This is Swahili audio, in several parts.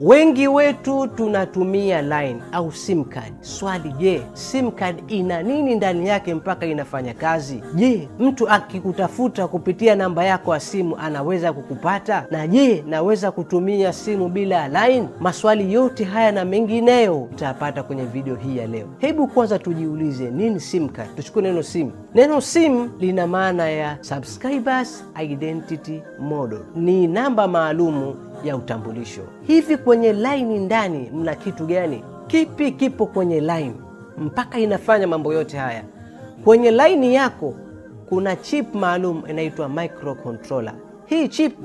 Wengi wetu tunatumia line au sim card. Swali, je, sim card ina nini ndani yake mpaka inafanya kazi? Je, mtu akikutafuta kupitia namba yako ya simu anaweza kukupata? Na je, naweza kutumia simu bila line? Maswali yote haya na mengineyo utayapata kwenye video hii ya leo. Hebu kwanza tujiulize nini sim card. Tuchukue neno sim. Neno sim lina maana ya subscribers identity model, ni namba maalumu ya utambulisho. Hivi kwenye laini ndani mna kitu gani? Kipi kipo kwenye laini mpaka inafanya mambo yote haya? Kwenye laini yako kuna chip maalum inaitwa microcontroller. Hii chip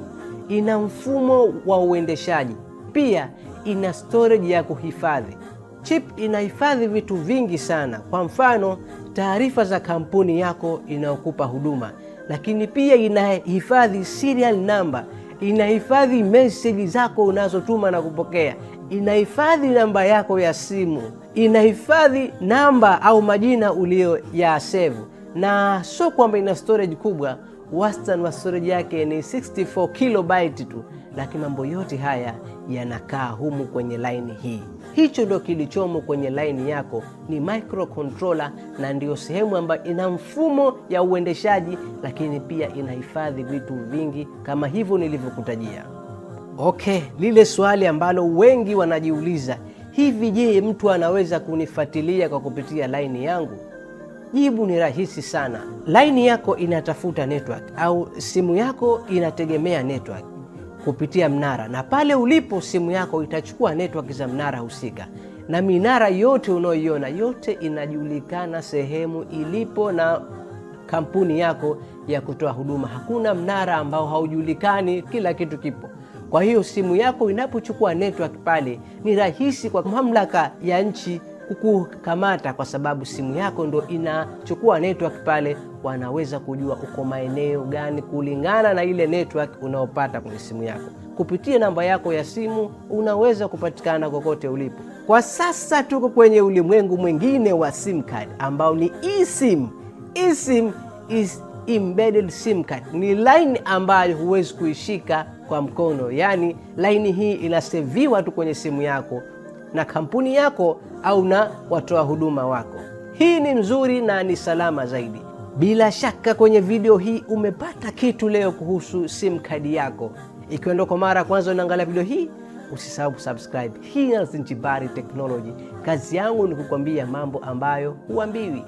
ina mfumo wa uendeshaji, pia ina storage ya kuhifadhi. Chip inahifadhi vitu vingi sana, kwa mfano taarifa za kampuni yako inayokupa huduma, lakini pia inahifadhi serial number inahifadhi meseji zako unazotuma na kupokea, inahifadhi namba yako ya simu, inahifadhi namba au majina uliyo ya sevu, na sio kwamba ina storage kubwa wastani wa storage yake ni 64 kilobyte tu, lakini mambo yote haya yanakaa humu kwenye laini hii. Hicho ndio kilichomo kwenye laini yako, ni microcontroller, na ndiyo sehemu ambayo ina mfumo ya uendeshaji, lakini pia inahifadhi vitu vingi kama hivyo nilivyokutajia. Okay, lile swali ambalo wengi wanajiuliza hivi, je, mtu anaweza kunifuatilia kwa kupitia laini yangu? Jibu ni rahisi sana. Laini yako inatafuta network au simu yako inategemea network kupitia mnara, na pale ulipo simu yako itachukua network za mnara husika, na minara yote unaoiona yote inajulikana sehemu ilipo na kampuni yako ya kutoa huduma. Hakuna mnara ambao haujulikani, kila kitu kipo. Kwa hiyo simu yako inapochukua network pale, ni rahisi kwa mamlaka ya nchi kukukamata, kwa sababu simu yako ndo inachukua network pale. Wanaweza kujua uko maeneo gani kulingana na ile network unaopata kwenye simu yako. Kupitia namba yako ya simu unaweza kupatikana kokote ulipo. Kwa sasa tuko kwenye ulimwengu mwingine wa sim card ambao ni eSIM. eSIM is embedded sim card, ni line ambayo huwezi kuishika kwa mkono, yaani laini hii inaseviwa tu kwenye simu yako na kampuni yako au na watoa huduma wako. Hii ni mzuri na ni salama zaidi. Bila shaka kwenye video hii umepata kitu leo kuhusu sim kadi yako. Ikiwa ndo kwa mara ya kwanza unaangalia video hii, usisahau kusubscribe. Hii ni Alzenjbary Technology, kazi yangu ni kukwambia mambo ambayo huambiwi.